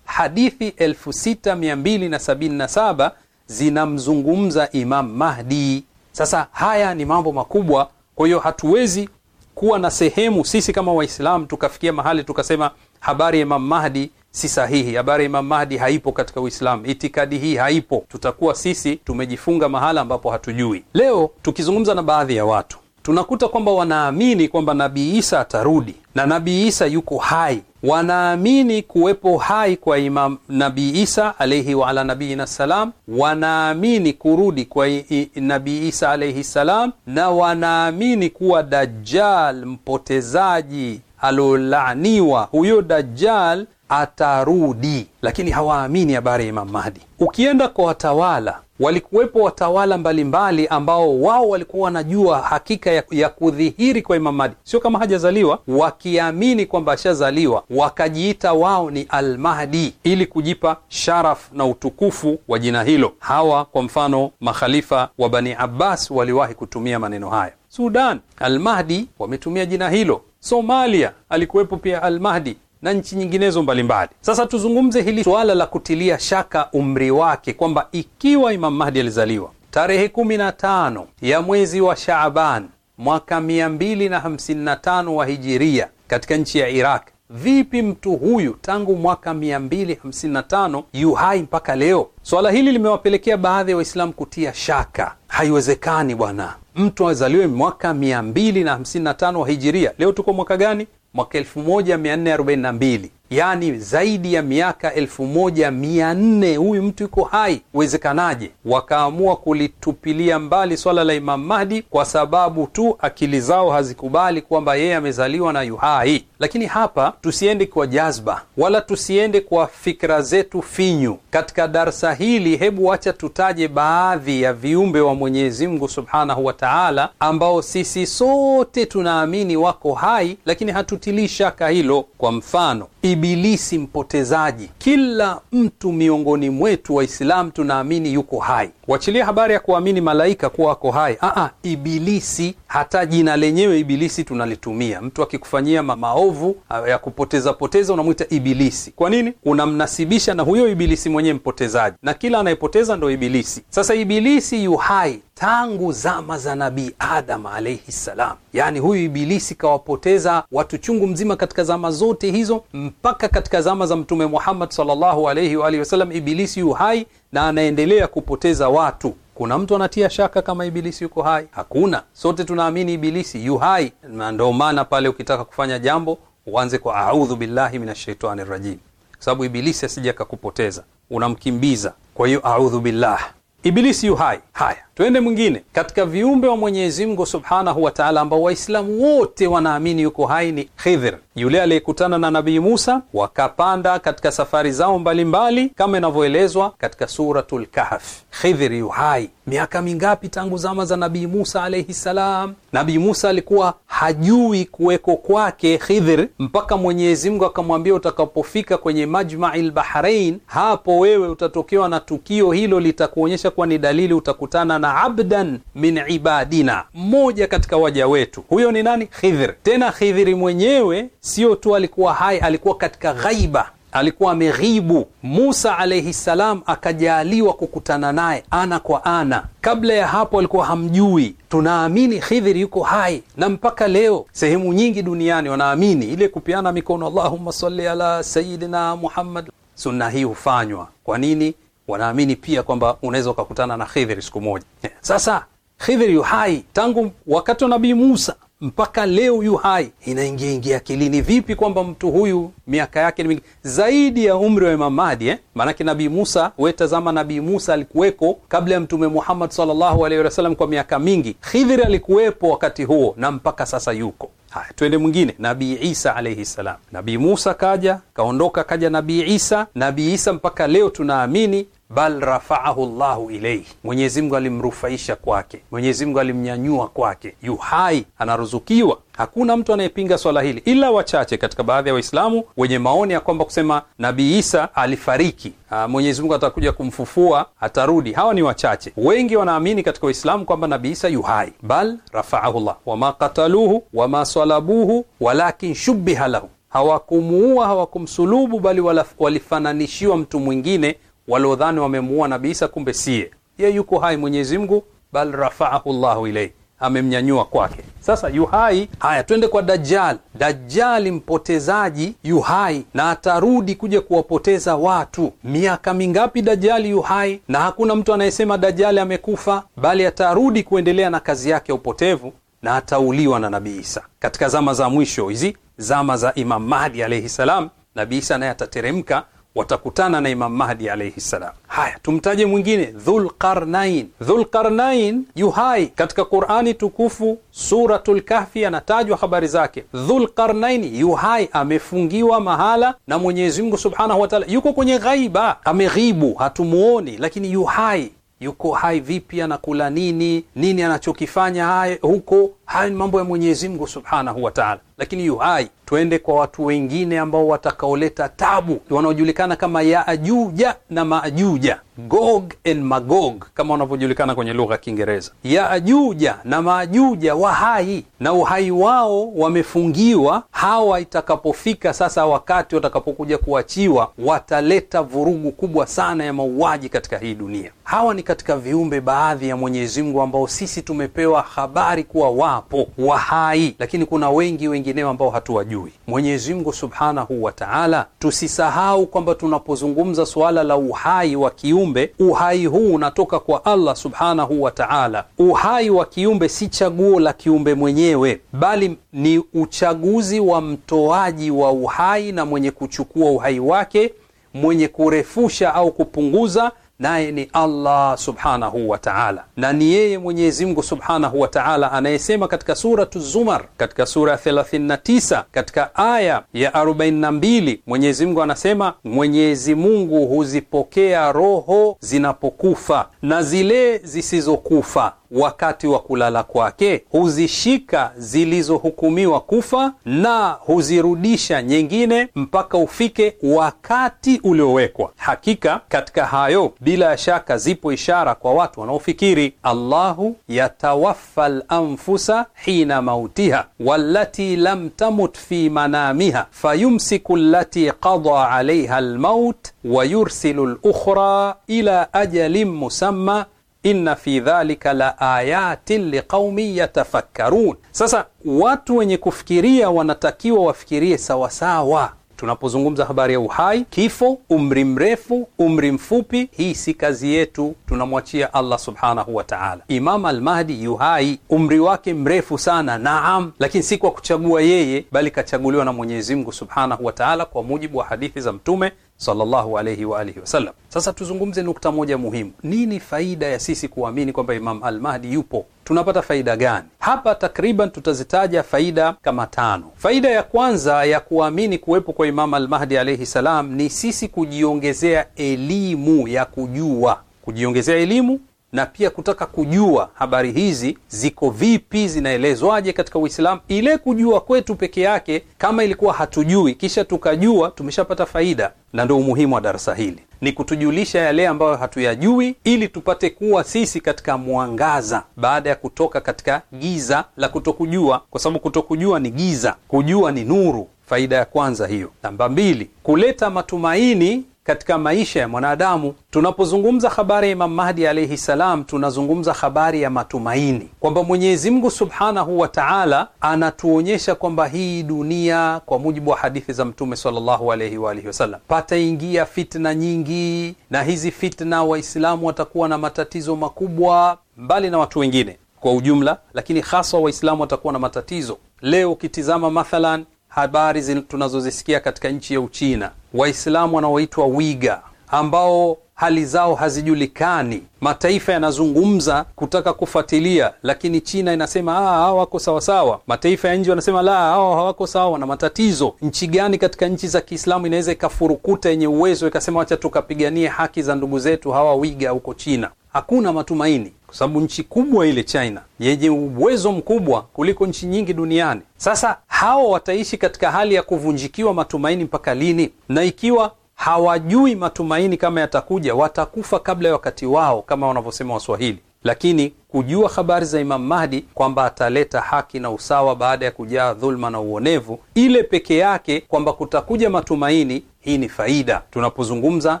hadithi 6277 zinamzungumza Imam Mahdi. Sasa haya ni mambo makubwa, kwa hiyo hatuwezi kuwa na sehemu sisi kama Waislamu tukafikia mahali tukasema habari ya Imam Mahdi si sahihi. Habari ya Imam Mahdi haipo katika Uislamu, itikadi hii haipo. Tutakuwa sisi tumejifunga mahala ambapo hatujui. Leo tukizungumza na baadhi ya watu tunakuta kwamba wanaamini kwamba Nabii Isa atarudi na Nabii Isa yuko hai, wanaamini kuwepo hai kwa Imam Nabii Isa alaihi wa ala salam, wanaamini kurudi kwa Nabii Isa alaihi salam, na wanaamini kuwa Dajjal mpotezaji alolaaniwa huyo Dajjal atarudi, lakini hawaamini habari ya Imam Mahdi. Ukienda kwa watawala, walikuwepo watawala mbalimbali mbali ambao wao walikuwa wanajua hakika ya, ya kudhihiri kwa Imam Mahdi, sio kama hajazaliwa, wakiamini kwamba ashazaliwa, wakajiita wao ni Almahdi ili kujipa sharaf na utukufu wa jina hilo. Hawa kwa mfano makhalifa wa Bani Abbas waliwahi kutumia maneno haya Sudan Almahdi wametumia jina hilo. Somalia alikuwepo pia Almahdi na nchi nyinginezo mbalimbali. Sasa tuzungumze hili suala la kutilia shaka umri wake, kwamba ikiwa Imam Mahdi alizaliwa tarehe 15 ya mwezi wa Shaaban mwaka 255 wa hijiria katika nchi ya Iraq, vipi mtu huyu tangu mwaka 255 yu hai mpaka leo? Swala hili limewapelekea baadhi ya wa Waislamu kutia shaka. Haiwezekani bwana, mtu azaliwe mwaka 255 wa hijiria, leo tuko mwaka gani? mwaka 1442 yani zaidi ya miaka elfu moja mia nne huyu mtu yuko hai, uwezekanaje? Wakaamua kulitupilia mbali swala la Imam Mahdi kwa sababu tu akili zao hazikubali kwamba yeye amezaliwa na yu hai. Lakini hapa tusiende kwa jazba wala tusiende kwa fikra zetu finyu. Katika darsa hili, hebu wacha tutaje baadhi ya viumbe wa Mwenyezi Mungu subhanahu wa taala ambao sisi sote tunaamini wako hai, lakini hatutilii shaka hilo. Kwa mfano ibilisi mpotezaji. Kila mtu miongoni mwetu Waislamu tunaamini yuko hai, wachilia habari ya kuamini malaika kuwa wako hai. Aa, ah, ah, ibilisi, hata jina lenyewe ibilisi tunalitumia. Mtu akikufanyia maovu ah, ya kupoteza poteza, unamwita ibilisi. Kwa nini? Unamnasibisha na huyo ibilisi mwenyewe mpotezaji, na kila anayepoteza ndo ibilisi. Sasa ibilisi yu hai tangu zama za Nabii Adam alaihi ssalam. Yaani huyu Ibilisi kawapoteza watu chungu mzima katika zama zote hizo mpaka katika zama za Mtume Muhammad sallallahu alaihi waalihi wasallam. Ibilisi yu hai na anaendelea kupoteza watu. Kuna mtu anatia shaka kama Ibilisi yuko hai? Hakuna, sote tunaamini Ibilisi yu hai, na ndio maana pale ukitaka kufanya jambo uanze kwa audhu billahi minashaitani rajim, kwa sababu Ibilisi asija akakupoteza, unamkimbiza. Kwa hiyo audhu billah, Ibilisi yu hai. Haya, Twende mwingine katika viumbe wa Mwenyezi Mungu subhanahu wa taala, ambao Waislamu wote wanaamini yuko hai ni Khidhir, yule aliyekutana na Nabii Musa, wakapanda katika safari zao mbalimbali mbali, kama inavyoelezwa katika Suratul Kahf. Khidhir yu hai miaka mingapi tangu zama za Nabii Musa alaihi salam? Nabii Musa alikuwa hajui kuweko kwake Khidhir mpaka Mwenyezi Mungu akamwambia, utakapofika kwenye Majmail Bahrain, hapo wewe utatokewa na tukio hilo, litakuonyesha kuwa ni dalili utakutana kana abdan min ibadina, mmoja katika waja wetu. Huyo ni nani? Khidhir. Tena Khidhiri mwenyewe sio tu alikuwa hai, alikuwa katika ghaiba alikuwa ameghibu. Musa alaihi salam akajaaliwa kukutana naye ana kwa ana. Kabla ya hapo alikuwa hamjui. Tunaamini Khidhiri yuko hai, na mpaka leo sehemu nyingi duniani wanaamini ile kupeana mikono, allahumma salli ala sayidina Muhammad. Sunna hii hufanywa kwa nini? wanaamini pia kwamba unaweza ukakutana na Khidhiri siku moja. Sasa Khidhiri yu hai tangu wakati wa Nabii Musa mpaka leo yu hai. Inaingia ingia akilini vipi kwamba mtu huyu miaka yake ni mingi zaidi ya umri wa Imam Mahdi eh? Maanake Nabii Musa, wetazama, Nabii Musa alikuweko kabla ya Mtume Muhammad sallallahu alaihi wasallam kwa miaka mingi. Khidhiri alikuwepo wakati huo na mpaka sasa yuko Haya, twende mwingine. Nabii Isa alaihi salam. Nabii Musa kaja kaondoka, kaja Nabii Isa. Nabii Isa mpaka leo tunaamini bal rafaahu llahu ilaihi, Mwenyezi Mungu alimrufaisha kwake, Mwenyezi Mungu alimnyanyua kwake. Yu hai anaruzukiwa. Hakuna mtu anayepinga swala hili ila wachache katika baadhi ya Waislamu wenye maoni ya kwamba kusema Nabii Isa alifariki, ah, Mwenyezi Mungu atakuja kumfufua, atarudi. Hawa ni wachache. Wengi wanaamini katika Waislamu kwamba Nabii Isa yu hai, bal rafaahu llah wama kataluhu wama salabuhu walakin shubiha lahu Hawakumuua, hawakumsulubu, bali walifananishiwa mtu mwingine waliodhani wamemuua Nabii Isa, kumbe siye ye, yuko hai Mwenyezi Mungu, bal rafaahu llahu ilaihi, amemnyanyua kwake. Sasa yu hai. Haya, twende kwa Dajjal. Dajjali mpotezaji yu hai na atarudi kuja kuwapoteza watu. Miaka mingapi Dajjali yu hai, na hakuna mtu anayesema Dajjali amekufa, bali atarudi kuendelea na kazi yake ya upotevu na atauliwa na Nabii Isa katika zama za mwisho, hizi zama za Imam Mahdi alaihi salam. Nabii Isa naye atateremka watakutana na Imam Mahdi alaihi salam. Haya, tumtaje mwingine? Dhulqarnain. Dhulqarnain yu hai katika Qurani tukufu, suratu Lkahfi anatajwa habari zake. Dhulqarnain yu hai, amefungiwa mahala na Mwenyezi Mungu subhanahu wa taala, yuko kwenye ghaiba, ameghibu, hatumuoni, lakini yu hai. Yuko hai vipi? Anakula nini? Nini anachokifanya huko? Haya ni mambo ya Mwenyezi Mungu subhanahu wa taala, lakini yu hai. Twende kwa watu wengine ambao watakaoleta tabu, wanaojulikana kama Yaajuja na Maajuja, Gog and Magog kama wanavyojulikana kwenye lugha ya Kiingereza. Yaajuja na Maajuja wa hai na uhai wao wamefungiwa. Hawa itakapofika sasa wakati watakapokuja kuachiwa, wataleta vurugu kubwa sana ya mauaji katika hii dunia. Hawa ni katika viumbe baadhi ya Mwenyezi Mungu ambao sisi tumepewa habari kuwa wao wapo wa hai, lakini kuna wengi wengineo ambao hatuwajui. Mwenyezi Mungu Subhanahu wa Ta'ala, tusisahau kwamba tunapozungumza suala la uhai wa kiumbe, uhai huu unatoka kwa Allah Subhanahu wa Ta'ala. Uhai wa kiumbe si chaguo la kiumbe mwenyewe, bali ni uchaguzi wa mtoaji wa uhai na mwenye kuchukua uhai wake, mwenye kurefusha au kupunguza naye ni Allah subhanahu wa ta'ala, na ni yeye Mwenyezi Mungu subhanahu wa ta'ala anayesema katika suratu Zumar, katika sura ya 39 katika aya ya 42, Mwenyezi Mungu anasema, Mwenyezi Mungu huzipokea roho zinapokufa na zile zisizokufa wakati wa kulala kwake, huzishika zilizohukumiwa kufa na huzirudisha nyingine mpaka ufike wakati uliowekwa. Hakika katika hayo bila shaka zipo ishara kwa watu wanaofikiri. Allahu yatawaffa lanfusa hina mautiha wallati lam tamut fi manamiha fayumsiku lati qada alaiha lmaut wayursilu lukhra ila ajalin musamma inna fi dhalika la ayatin liqaumin yatafakkarun. Sasa watu wenye kufikiria wanatakiwa wafikirie sawasawa. Tunapozungumza habari ya uhai, kifo, umri mrefu, umri mfupi, hii si kazi yetu, tunamwachia Allah subhanahu wa taala. Imam Almahdi yuhai, umri wake mrefu sana, naam, lakini si kwa kuchagua yeye, bali kachaguliwa na Mwenyezi Mungu subhanahu wa taala, kwa mujibu wa hadithi za Mtume sallallahu alayhi wa alihi wasallam. Sasa tuzungumze nukta moja muhimu. Nini faida ya sisi kuamini kwamba Imam Al-Mahdi yupo? Tunapata faida gani hapa? Takriban tutazitaja faida kama tano. Faida ya kwanza ya kuamini kuwepo kwa Imam Al-Mahdi alaihi salam ni sisi kujiongezea elimu ya kujua, kujiongezea elimu na pia kutaka kujua habari hizi ziko vipi, zinaelezwaje katika Uislamu. Ile kujua kwetu peke yake, kama ilikuwa hatujui kisha tukajua, tumeshapata faida, na ndo umuhimu wa darasa hili ni kutujulisha yale ambayo hatuyajui ili tupate kuwa sisi katika mwangaza baada ya kutoka katika giza la kutokujua, kwa sababu kutokujua ni giza, kujua ni nuru. Faida ya kwanza hiyo. Namba mbili, kuleta matumaini katika maisha ya mwanadamu. Tunapozungumza habari ya Imam Mahdi alaihi salam, tunazungumza habari ya matumaini kwamba Mwenyezi Mungu subhanahu wa taala anatuonyesha kwamba hii dunia, kwa mujibu wa hadithi za Mtume sallallahu alaihi wa alihi wasallam, pataingia fitna nyingi, na hizi fitna Waislamu watakuwa na matatizo makubwa, mbali na watu wengine kwa ujumla, lakini haswa Waislamu watakuwa na matatizo. Leo ukitizama mathalan habari tunazozisikia katika nchi ya Uchina Waislamu wanaoitwa Wiga ambao hali zao hazijulikani. Mataifa yanazungumza kutaka kufuatilia, lakini China inasema ah, hawa wako sawasawa. Mataifa ya nje wanasema la, hawa hawako sawa, wana matatizo. Nchi gani katika nchi za Kiislamu inaweza ikafurukuta yenye uwezo ikasema wacha tukapiganie haki za ndugu zetu hawa Wiga huko China? Hakuna matumaini kwa sababu nchi kubwa ile China yenye uwezo mkubwa kuliko nchi nyingi duniani. Sasa hawa wataishi katika hali ya kuvunjikiwa matumaini mpaka lini? Na ikiwa hawajui matumaini kama yatakuja, watakufa kabla ya wakati wao, kama wanavyosema Waswahili. Lakini kujua habari za Imam Mahdi kwamba ataleta haki na usawa baada ya kujaa dhulma na uonevu, ile peke yake kwamba kutakuja matumaini, hii ni faida tunapozungumza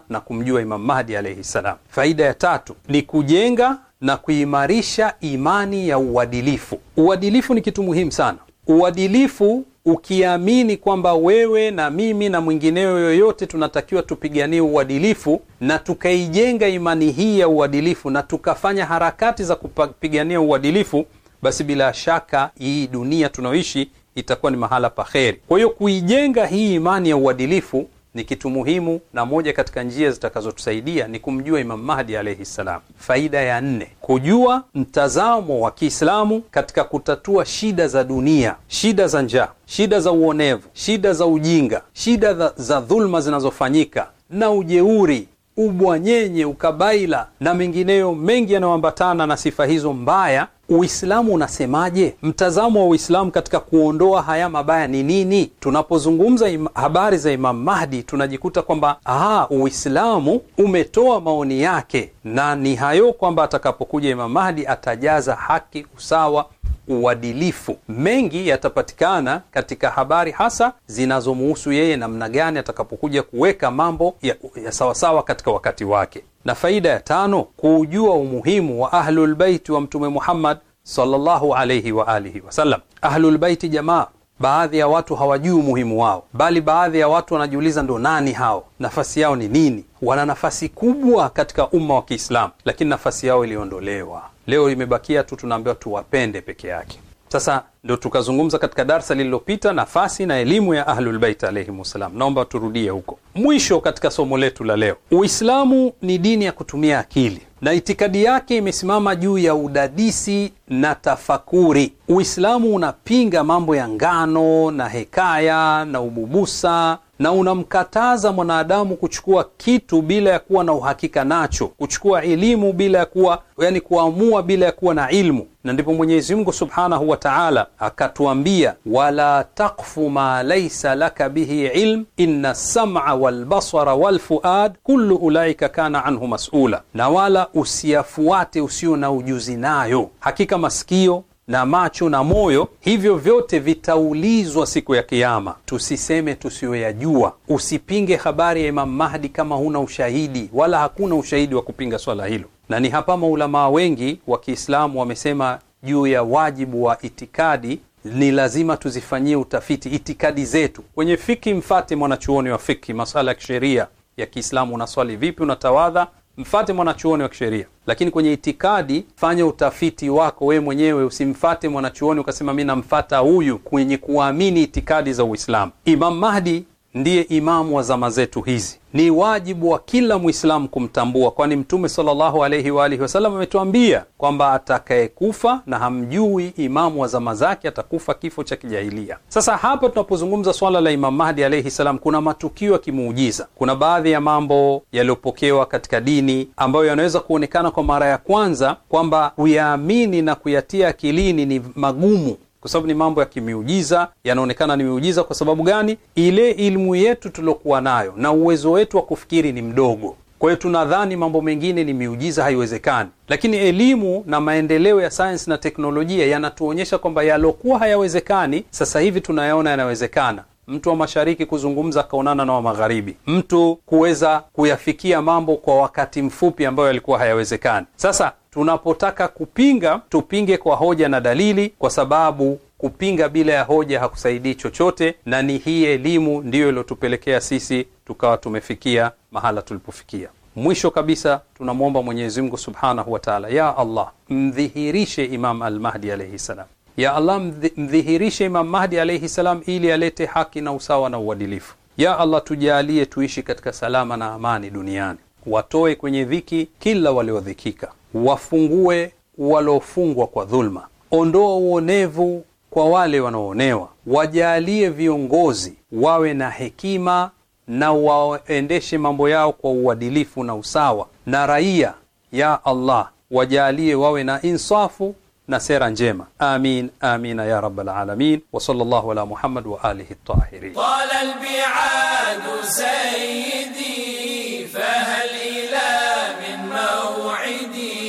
na kumjua Imam Mahdi alaihi ssalam. Faida ya tatu ni kujenga na kuimarisha imani ya uadilifu. Uadilifu ni kitu muhimu sana. Uadilifu ukiamini kwamba wewe na mimi na mwingineo yoyote tunatakiwa tupiganie uadilifu na tukaijenga imani hii ya uadilifu na tukafanya harakati za kupigania uadilifu, basi bila shaka hii dunia tunayoishi itakuwa ni mahala pa kheri. Kwa hiyo kuijenga hii imani ya uadilifu ni kitu muhimu, na moja katika njia zitakazotusaidia ni kumjua Imam Mahdi alaihi ssalam. Faida ya nne, kujua mtazamo wa Kiislamu katika kutatua shida za dunia, shida za njaa, shida za uonevu, shida za ujinga, shida za dhulma zinazofanyika na ujeuri ubwanyenye, ukabaila na mengineyo mengi yanayoambatana na sifa hizo mbaya, Uislamu unasemaje? Mtazamo wa Uislamu katika kuondoa haya mabaya ni nini? Tunapozungumza habari za Imam Mahdi tunajikuta kwamba aha, Uislamu umetoa maoni yake, na ni hayo kwamba atakapokuja Imam Mahdi atajaza haki, usawa uadilifu. Mengi yatapatikana katika habari hasa zinazomuhusu yeye, namna gani atakapokuja kuweka mambo ya, ya sawasawa katika wakati wake. Na faida ya tano, kuujua umuhimu wa Ahlulbeiti wa Mtume Muhammad sallallahu wa alihi wasallam. Ahlulbeiti jamaa, baadhi ya watu hawajui umuhimu wao, bali baadhi ya watu wanajiuliza ndo nani hao, nafasi yao ni nini? Wana nafasi kubwa katika umma wa Kiislamu, lakini nafasi yao iliondolewa. Leo imebakia tu tunaambiwa tuwapende peke yake. Sasa ndo tukazungumza katika darsa lililopita nafasi na elimu ya Ahlulbeit alaihim wassalam. Naomba turudie huko mwisho katika somo letu la leo. Uislamu ni dini ya kutumia akili na itikadi yake imesimama juu ya udadisi na tafakuri. Uislamu unapinga mambo ya ngano na hekaya na ububusa na unamkataza mwanadamu kuchukua kitu bila ya kuwa na uhakika nacho, kuchukua elimu bila ya kuwa yani, kuamua bila ya kuwa na ilmu. Na ndipo Mwenyezi Mungu Subhanahu wa Ta'ala akatuambia, wala taqfu ma laysa laka bihi ilm inna sam'a wal basara wal fuad kullu ulaika kana anhu mas'ula, na wala usiyafuate usio na ujuzi nayo, hakika masikio na macho na moyo, hivyo vyote vitaulizwa siku ya Kiama. Tusiseme tusiyoyajua, usipinge habari ya Imam Mahdi kama huna ushahidi, wala hakuna ushahidi wa kupinga swala hilo. Na ni hapa maulamaa wengi wa Kiislamu wamesema juu ya wajibu wa itikadi ni lazima tuzifanyie utafiti itikadi zetu. Kwenye fiki, mfate mwanachuoni wa fiki, masala ya kisheria ya Kiislamu. Unaswali vipi? Unatawadha mfate mwanachuoni wa kisheria, lakini kwenye itikadi fanya utafiti wako wewe mwenyewe. Usimfate mwanachuoni ukasema mi namfata huyu kwenye kuamini itikadi za Uislamu. Imam Mahdi ndiye imamu wa zama zetu hizi. Ni wajibu wa kila Mwislamu kumtambua, kwani Mtume sallallahu alaihi wa alihi wasallam ametuambia kwamba atakayekufa na hamjui imamu wa zama zake atakufa kifo cha kijahilia. Sasa hapa tunapozungumza swala la Imamu Mahdi alaihi salam, kuna matukio ya kimuujiza, kuna baadhi ya mambo yaliyopokewa katika dini ambayo yanaweza kuonekana kwa mara ya kwanza kwamba kuyaamini na kuyatia akilini ni magumu kwa sababu ni mambo ya kimiujiza, yanaonekana ni miujiza. Kwa sababu gani? Ile ilmu yetu tuliokuwa nayo na uwezo wetu wa kufikiri ni mdogo. Kwa hiyo tunadhani mambo mengine ni miujiza, haiwezekani. Lakini elimu na maendeleo ya sayansi na teknolojia yanatuonyesha kwamba yaliokuwa hayawezekani sasa hivi tunayaona yanawezekana mtu wa mashariki kuzungumza akaonana na wa magharibi, mtu kuweza kuyafikia mambo kwa wakati mfupi ambayo yalikuwa hayawezekani. Sasa tunapotaka kupinga, tupinge kwa hoja na dalili, kwa sababu kupinga bila ya hoja hakusaidii chochote, na ni hii elimu ndiyo iliyotupelekea sisi tukawa tumefikia mahala tulipofikia. Mwisho kabisa tunamwomba Mwenyezi Mungu subhanahu wa taala, ya Allah, mdhihirishe Imam Almahdi alaihi ssalam ya Allah, mdhihirishe Imam Mahdi alayhi salam ili alete haki na usawa na uadilifu. Ya Allah, tujalie tuishi katika salama na amani duniani, watoe kwenye dhiki kila waliodhikika, wafungue waliofungwa kwa dhulma, ondoa uonevu kwa wale wanaoonewa, wajalie viongozi wawe na hekima na waendeshe mambo yao kwa uadilifu na usawa, na raia, ya Allah, wajalie wawe na insafu na sera njema. Amin, amina ya rabbal alamin. Wa sallallahu ala Muhammad wa alihi at-tahirin. al-bi'adu sayyidi fahal ila min maw'idi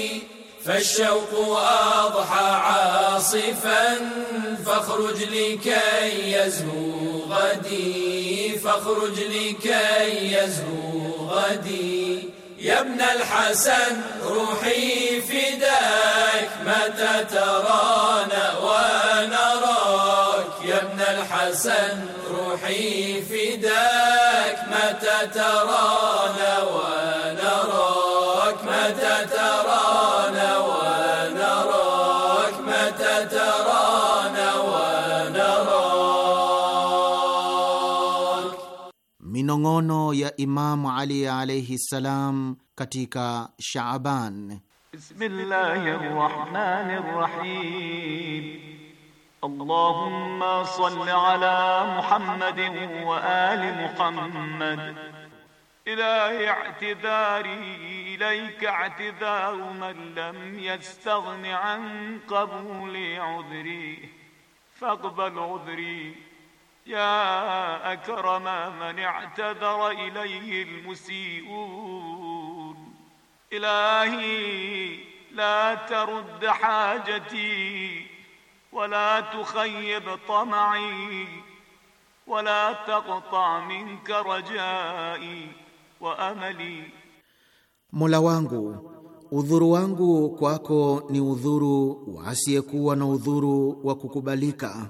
فالشوق أضحى عاصفا فاخرج لكي يزهو غدي فاخرج لكي يزهو غدي يا ابن الحسن روحي فداك متى ترانا ونراك يا ابن الحسن روحي فداك متى ترانا minong'ono ya Imamu Ali alaihi ssalam katika Shaaban. Bismillahi Allahumma salli ala Muhammadin wa ali Muhammad. إلهي اعتذاري إليك اعتذار من لم يستغن عن قبول عذري فاقبل عذري ya akrama man i'tadhara ilayhi almusii'un ilahi la tarudd hajati wala tukhayyib tam'i wala taqta' minka rajai wa amali, Mola wangu udhuru wangu kwako ni udhuru wasiyekuwa na udhuru wa kukubalika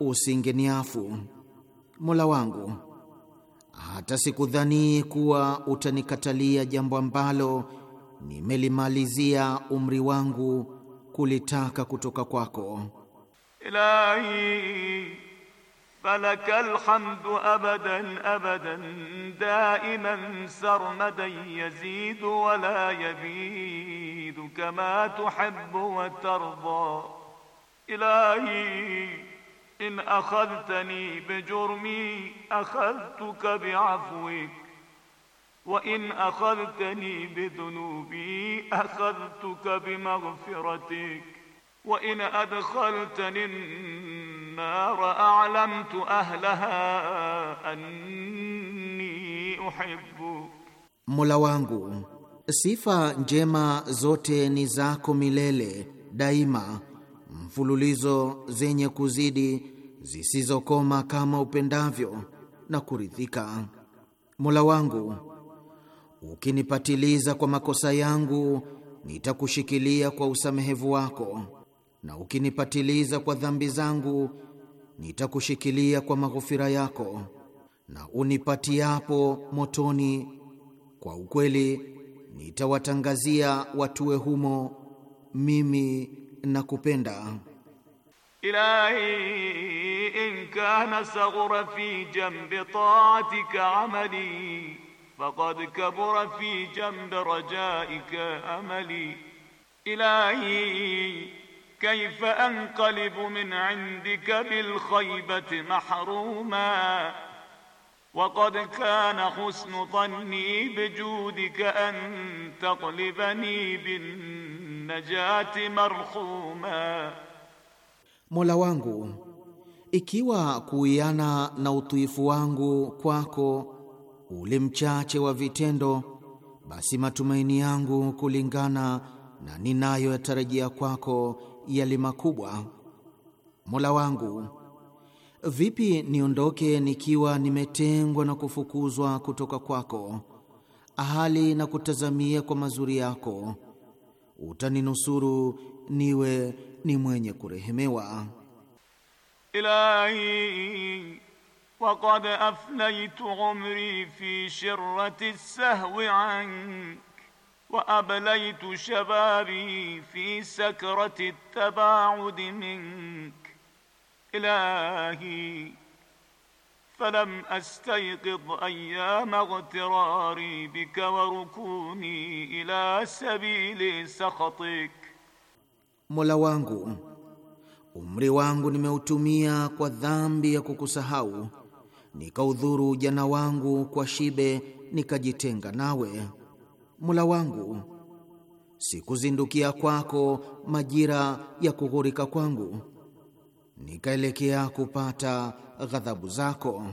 usingeniafu. Mola wangu, hata sikudhani kuwa utanikatalia jambo ambalo nimelimalizia umri wangu kulitaka kutoka kwako. Ilahi falakal hamdu abadan abadan daiman sarmadan yazidu wala yabidu kama tuhibbu wa tarda ilahi in akhadhtani bijurmi akhadhtuka biafwik wa in akhadhtani bidhunubi akhadhtuka bimaghfiratik wa in adkhaltani an-nara a'lamtu ahlaha anni Mola wangu sifa njema zote ni zako milele daima mfululizo zenye kuzidi zisizokoma kama upendavyo na kuridhika. Mola wangu, ukinipatiliza kwa makosa yangu nitakushikilia kwa usamehevu wako, na ukinipatiliza kwa dhambi zangu nitakushikilia kwa maghufira yako, na unipatiapo motoni kwa ukweli nitawatangazia watue humo mimi nakupenda. إلهي إن كان صغر في جنب طاعتك عملي فقد كبر في جنب رجائك أملي إلهي كيف أنقلب من عندك بالخيبة محروما وقد كان حسن ظني بجودك أن تقلبني بالنجاة مرحوما Mola wangu, ikiwa kuiana na utiifu wangu kwako ule mchache wa vitendo, basi matumaini yangu kulingana na ninayoyatarajia kwako yali makubwa. Mola wangu, vipi niondoke nikiwa nimetengwa na kufukuzwa kutoka kwako, ahali na kutazamia kwa mazuri yako? Utaninusuru niwe ni mwenye kurehemewa. Ilahi وقد أفنيت عمري في شرة السهو عنك وأبليت شبابي في سكرة التباعد منك إلهي فلم أستيقظ أيام اغتراري بك وركوني إلى سبيل سخطك Mola wangu, umri wangu nimeutumia kwa dhambi ya kukusahau, nikaudhuru ujana wangu kwa shibe, nikajitenga nawe. Mola wangu, sikuzindukia kwako majira ya kughurika kwangu, nikaelekea kupata ghadhabu zako.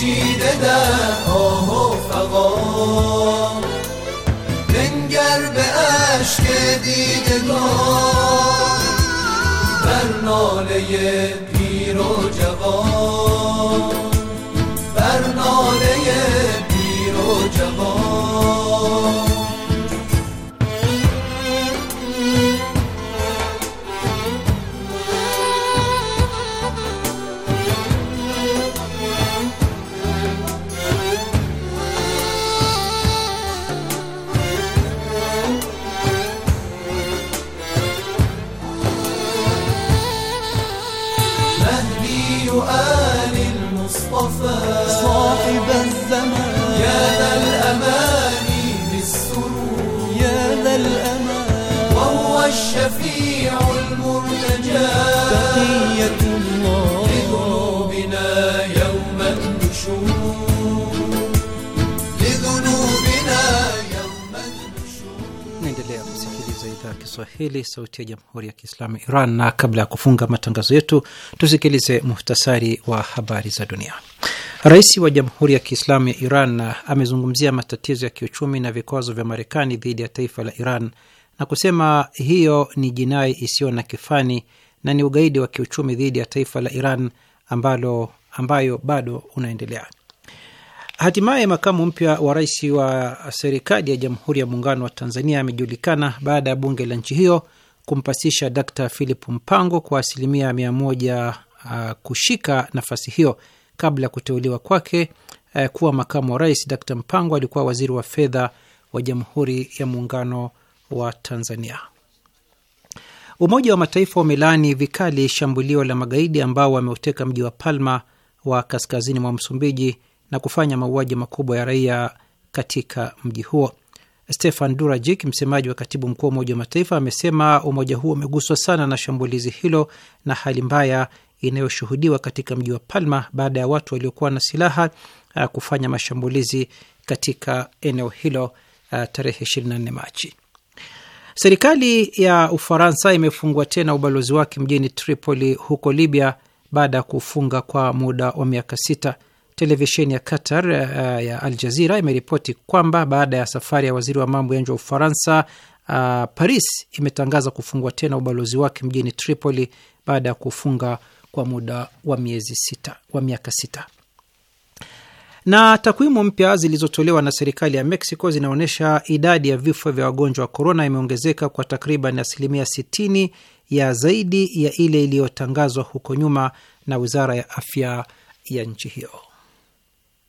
پیچیده در آه و فقام بنگر به عشق دیدگان بر ناله پیر و جوان Kiswahili, sauti ya jamhuri ya kiislamu Iran. Na kabla ya kufunga matangazo yetu, tusikilize muhtasari wa habari za dunia. Rais wa Jamhuri ya Kiislamu ya Iran amezungumzia matatizo ya kiuchumi na vikwazo vya Marekani dhidi ya taifa la Iran na kusema hiyo ni jinai isiyo na kifani na ni ugaidi wa kiuchumi dhidi ya taifa la Iran ambalo ambayo bado unaendelea. Hatimaye makamu mpya wa rais wa serikali ya Jamhuri ya Muungano wa Tanzania amejulikana baada ya bunge la nchi hiyo kumpasisha Dkt. Philip Mpango kwa asilimia mia moja uh, kushika nafasi hiyo. Kabla ya kuteuliwa kwake uh, kuwa makamu wa rais, d Mpango alikuwa waziri wa fedha wa Jamhuri ya Muungano wa Tanzania. Umoja wa Mataifa umelaani vikali shambulio la magaidi ambao wameuteka mji wa Palma wa kaskazini mwa Msumbiji na kufanya mauaji makubwa ya raia katika mji huo. Stefan Durajik, msemaji wa katibu mkuu wa Umoja wa Mataifa, amesema umoja huo umeguswa sana na shambulizi hilo na hali mbaya inayoshuhudiwa katika mji wa Palma baada ya watu waliokuwa na silaha uh, kufanya mashambulizi katika eneo hilo uh, tarehe 24 Machi. Serikali ya Ufaransa imefungua tena ubalozi wake mjini Tripoli huko Libya baada ya kufunga kwa muda wa miaka sita. Televisheni ya Qatar uh, ya Al Jazira imeripoti kwamba baada ya safari ya waziri wa mambo ya nje wa Ufaransa uh, Paris imetangaza kufungua tena ubalozi wake mjini Tripoli baada ya kufunga kwa muda wa miezi sita, wa miaka sita. Na takwimu mpya zilizotolewa na serikali ya Mexico zinaonyesha idadi ya vifo vya wagonjwa wa korona imeongezeka kwa takriban asilimia 60 ya zaidi ya ile iliyotangazwa huko nyuma na wizara ya afya ya nchi hiyo.